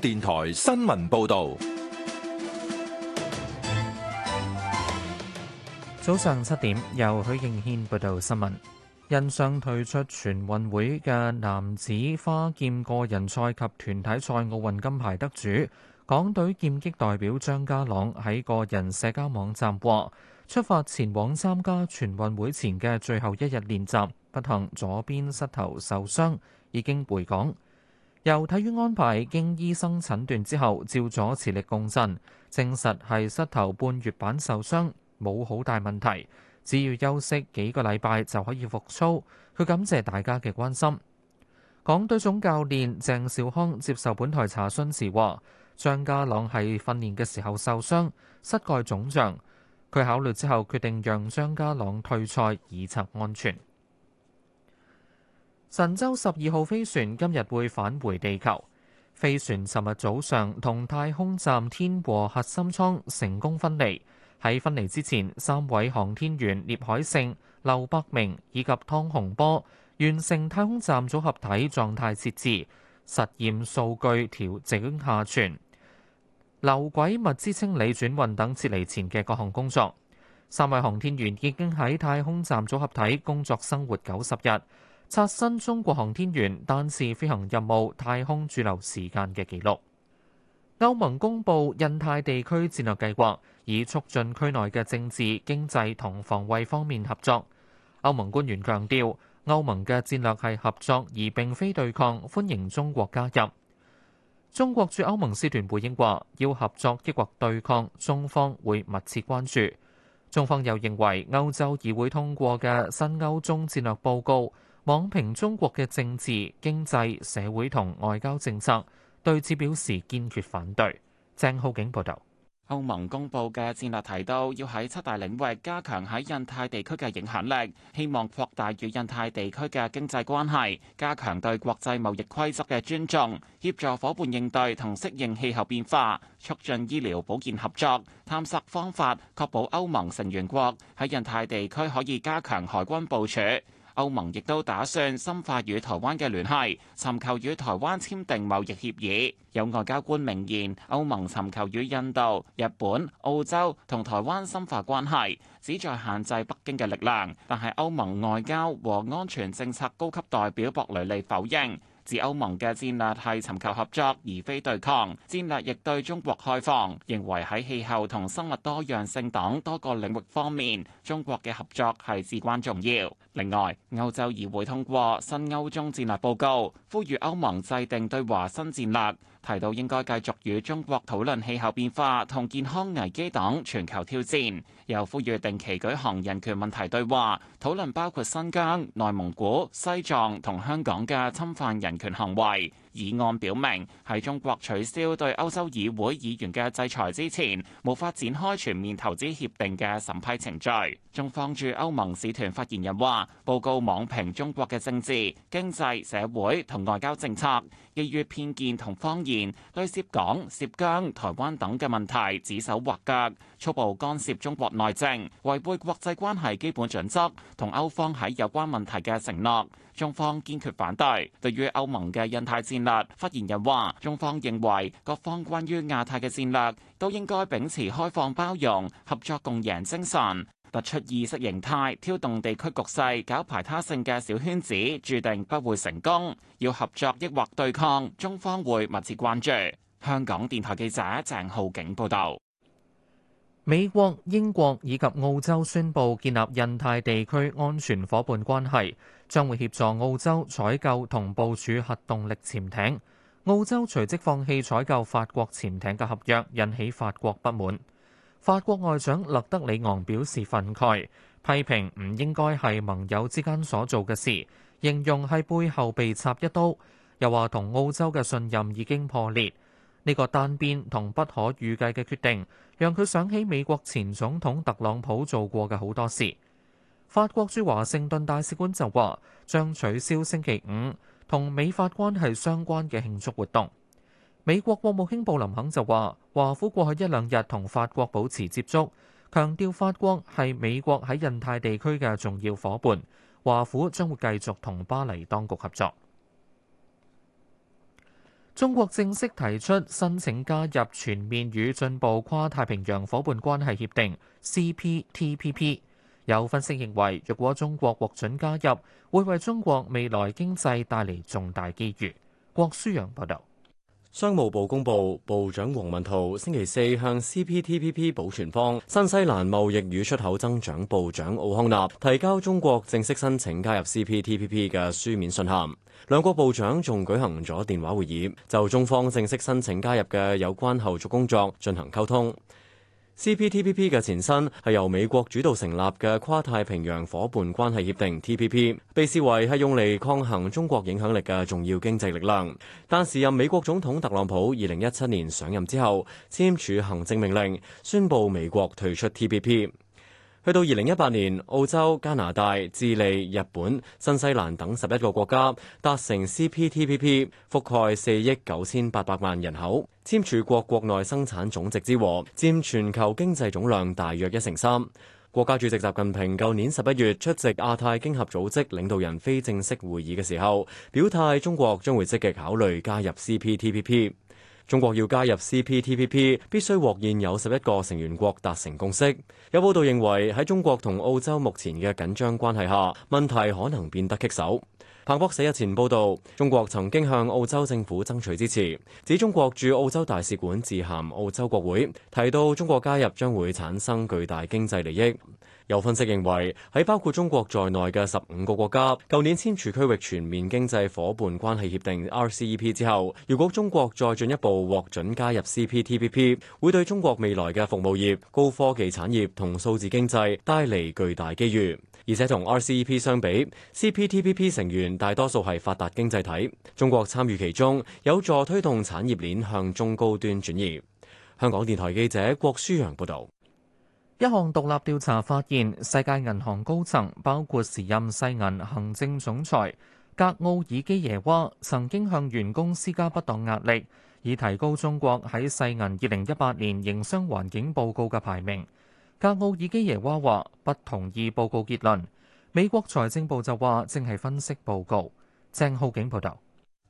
電台新聞報道：早上七點，由許敬軒報道新聞。印上退出全運會嘅男子花劍個人賽及團體賽奧運金牌得主，港隊劍擊代表張家朗喺個人社交網站話，出發前往參加全運會前嘅最後一日練習，不幸左邊膝頭受傷，已經回港。由體院安排，經醫生診斷之後照咗磁力共振，證實係膝頭半月板受傷，冇好大問題，只要休息幾個禮拜就可以復操。佢感謝大家嘅關心。港隊總教練鄭少康接受本台查詢時話，張家朗喺訓練嘅時候受傷，膝蓋腫脹，佢考慮之後決定讓張家朗退賽，以策安全。神舟十二號飛船今日會返回地球。飛船尋日早上同太空站天和核心艙成功分離。喺分離之前，三位航天員聶海勝、劉伯明以及湯洪波完成太空站組合體狀態設置、實驗數據調整下傳、留軌物資清理轉運等撤離前嘅各項工作。三位航天員已經喺太空站組合體工作生活九十日。刷新中國航天員單次飛行任務太空駐留時間嘅紀錄。歐盟公布印太地區戰略計劃，以促進區內嘅政治、經濟同防衛方面合作。歐盟官員強調，歐盟嘅戰略係合作而並非對抗，歡迎中國加入。中國駐歐盟使團回應話，要合作抑或對抗，中方會密切關注。中方又認為，歐洲議會通過嘅新歐中戰略報告。妄評中國嘅政治、經濟、社會同外交政策，對此表示堅決反對。鄭浩景報道，歐盟公布嘅戰略提到，要喺七大領域加強喺印太地區嘅影響力，希望擴大與印太地區嘅經濟關係，加強對國際貿易規則嘅尊重，協助伙伴應對同適應氣候變化，促進醫療保健合作，探索方法確保歐盟成員國喺印太地區可以加強海軍部署。歐盟亦都打算深化與台灣嘅聯繫，尋求與台灣簽訂貿易協議。有外交官明言，歐盟尋求與印度、日本、澳洲同台灣深化關係，旨在限制北京嘅力量。但係歐盟外交和安全政策高級代表博雷利否認。指歐盟的戰略是尋求合作，而非對抗，戰略亦對中國開放，認為在氣候和生物多樣性等多個領域方面，中國的合作是至關重要。另外，歐洲議會通過新歐中戰略報告，呼籲歐盟制定對華新戰略，提到應該繼續與中國討論氣候變化同健康危機等全球挑戰，又呼籲定期舉行人權問題對話，討論包括新疆、內蒙古、西藏同香港的侵犯人權行為，議案表明喺中國取消對歐洲議會議員嘅制裁之前，無法展開全面投資協定嘅審批程序。中方駐歐盟使團發言人話，報告妄評中國嘅政治、經濟、社會同外交政策，基於偏見同謊言，對涉港、涉疆、台灣等嘅問題指手畫腳。粗暴干涉中國內政，違背國際關係基本準則同歐方喺有關問題嘅承諾，中方堅決反對。對於歐盟嘅印太戰略，發言人話：中方認為各方關於亞太嘅戰略都應該秉持開放包容、合作共贏精神。突出意識形態挑動地區局勢搞排他性嘅小圈子，注定不會成功。要合作抑或對抗，中方會密切關注。香港電台記者鄭浩景報道。美國、英國以及澳洲宣布建立印太地區安全夥伴關係，將會協助澳洲採購同部署核動力潛艇。澳洲隨即放棄採購法國潛艇嘅合約，引起法國不滿。法國外長勒德里昂表示憤慨，批評唔應該係盟友之間所做嘅事，形容係背後被插一刀，又話同澳洲嘅信任已經破裂。呢個單邊同不可預計嘅決定，讓佢想起美國前總統特朗普做過嘅好多事。法國駐華盛頓大使館就話，將取消星期五同美法關係相關嘅慶祝活動。美國國務卿布林肯就話，華府過去一兩日同法國保持接觸，強調法國係美國喺印太地區嘅重要伙伴，華府將會繼續同巴黎當局合作。中國正式提出申請加入全面與進步跨太平洋伙伴關係協定 （CPTPP）。P T P、P，有分析認為，若果中國獲准加入，會為中國未來經濟帶嚟重大機遇。郭舒陽報道。商務部公布，部長王文濤星期四向 CPTPP 保存方新西蘭貿易與出口增長部長奧康納提交中國正式申請加入 CPTPP 嘅書面信函。兩國部長仲舉行咗電話會議，就中方正式申請加入嘅有關後續工作進行溝通。CPTPP 嘅前身係由美國主導成立嘅跨太平洋伙伴關係協定 TPP，被視為係用嚟抗衡中國影響力嘅重要經濟力量。但時任美國總統特朗普二零一七年上任之後，簽署行政命令，宣布美國退出 TPP。去到二零一八年，澳洲、加拿大、智利、日本、新西蘭等十一個國家達成 CPTPP，覆蓋四億九千八百萬人口，簽署過國國內生產總值之和佔全球經濟總量大約一成三。國家主席習近平舊年十一月出席亞太經合組織領導人非正式會議嘅時候，表態中國將會積極考慮加入 CPTPP。中國要加入 CPTPP，必須獲現有十一個成員國達成共識。有報道認為喺中國同澳洲目前嘅緊張關係下，問題可能變得棘手。彭博四日前報導，中國曾經向澳洲政府爭取支持，指中國駐澳洲大使館致函澳洲國會，提到中國加入將會產生巨大經濟利益。有分析認為，喺包括中國在內嘅十五個國家，舊年簽署區域全面經濟夥伴關係協定 （RCEP） 之後，如果中國再進一步獲准加入 CPTPP，會對中國未來嘅服務業、高科技產業同數字經濟帶嚟巨大機遇。而且同 RCEP 相比，CPTPP 成員大多數係發達經濟體，中國參與其中，有助推動產業鏈向中高端轉移。香港電台記者郭舒揚報導。一項獨立調查發現，世界銀行高層包括時任世銀行政總裁格奧爾基耶娃，曾經向員工施加不當壓力，以提高中國喺世銀二零一八年營商環境報告嘅排名。格奧爾基耶娃話不同意報告結論。美國財政部就話正係分析報告。鄭浩景報道。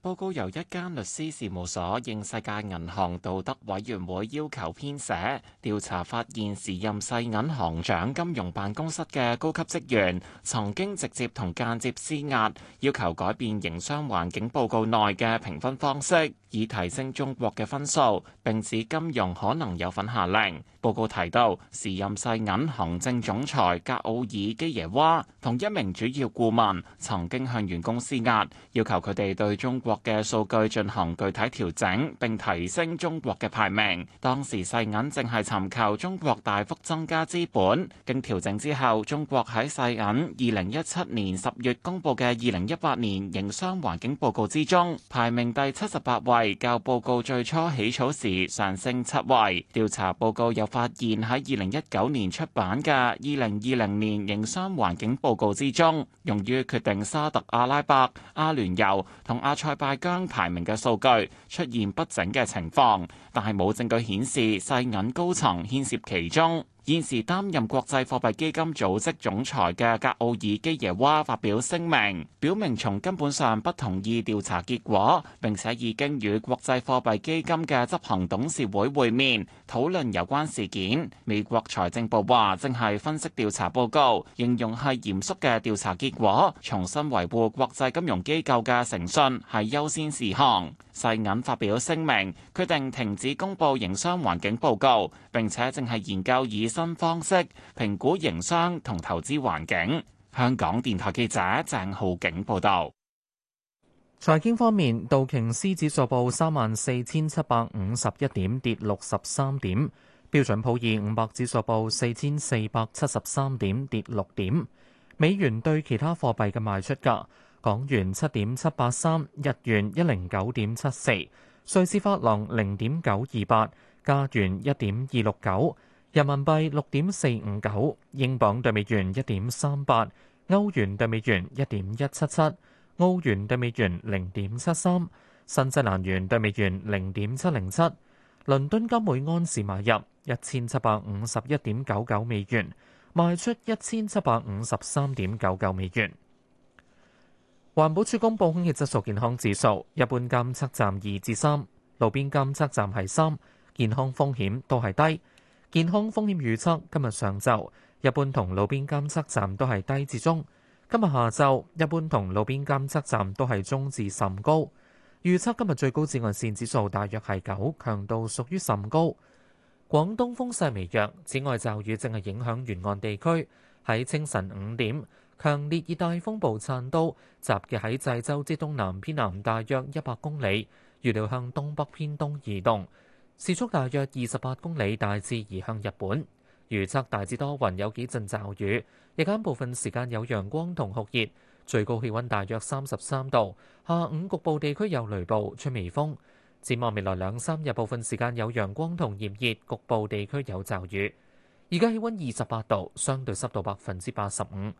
報告由一間律師事務所應世界銀行道德委員會要求編寫。調查發現，時任世銀行長金融辦公室嘅高級職員曾經直接同間接施壓，要求改變營商環境報告內嘅評分方式，以提升中國嘅分數。並指金融可能有份下令。報告提到，時任世銀行政總裁格奧爾基耶娃同一名主要顧問曾經向員工施壓，要求佢哋對中國嘅數據進行具體調整，并提升中國嘅排名。當時世銀正係尋求中國大幅增加資本。經調整之後，中國喺世銀二零一七年十月公布嘅二零一八年營商環境報告之中，排名第七十八位，較報告最初起草時上升七位。調查報告又發現，喺二零一九年出版嘅二零二零年營商環境報告之中，用於決定沙特阿拉伯、阿聯酋同阿塞。拜疆排名嘅數據出現不整嘅情況，但係冇證據顯示世銀高層牽涉其中。現時擔任國際貨幣基金組織總裁嘅格奧爾基耶娃發表聲明，表明從根本上不同意調查結果，並且已經與國際貨幣基金嘅執行董事會會面，討論有關事件。美國財政部話，正係分析調查報告，形容係嚴肅嘅調查結果，重新維護國際金融機構嘅誠信係優先事項。世銀發表聲明，決定停止公布營商環境報告，並且正係研究以新方式評估營商同投資環境。香港電台記者鄭浩景報道。財經方面，道瓊斯指數報三萬四千七百五十一點，跌六十三點；標準普爾五百指數報四千四百七十三點，跌六點。美元對其他貨幣嘅賣出價。港元七點七八三，日元一零九點七四，瑞士法郎零點九二八，加元一點二六九，人民幣六點四五九，英鎊對美元一點三八，歐元對美元一點一七七，澳元對美元零點七三，新西蘭元對美元零點七零七。倫敦金每盎司買入一千七百五十一點九九美元，賣出一千七百五十三點九九美元。環保署公布空氣質素健康指數，一般監測站二至三，路邊監測站係三，健康風險都係低。健康風險預測今日上晝，一般同路邊監測站都係低至中；今日下晝，一般同路邊監測站都係中至甚高。預測今日最高紫外線指數大約係九，強度屬於甚高。廣東風勢微弱，紫外驟雨淨係影響沿岸地區。喺清晨五點。強烈熱帶風暴燦都集結喺濟州之東南偏南，大約一百公里，預料向東北偏東移動，時速大約二十八公里，大致移向日本。預測大致多雲，有幾陣驟雨，日間部分時間有陽光同酷熱，最高氣溫大約三十三度。下午局部地區有雷暴，吹微風。展望未來兩三日，部分時間有陽光同炎熱，局部地區有驟雨。而家氣溫二十八度，相對濕度百分之八十五。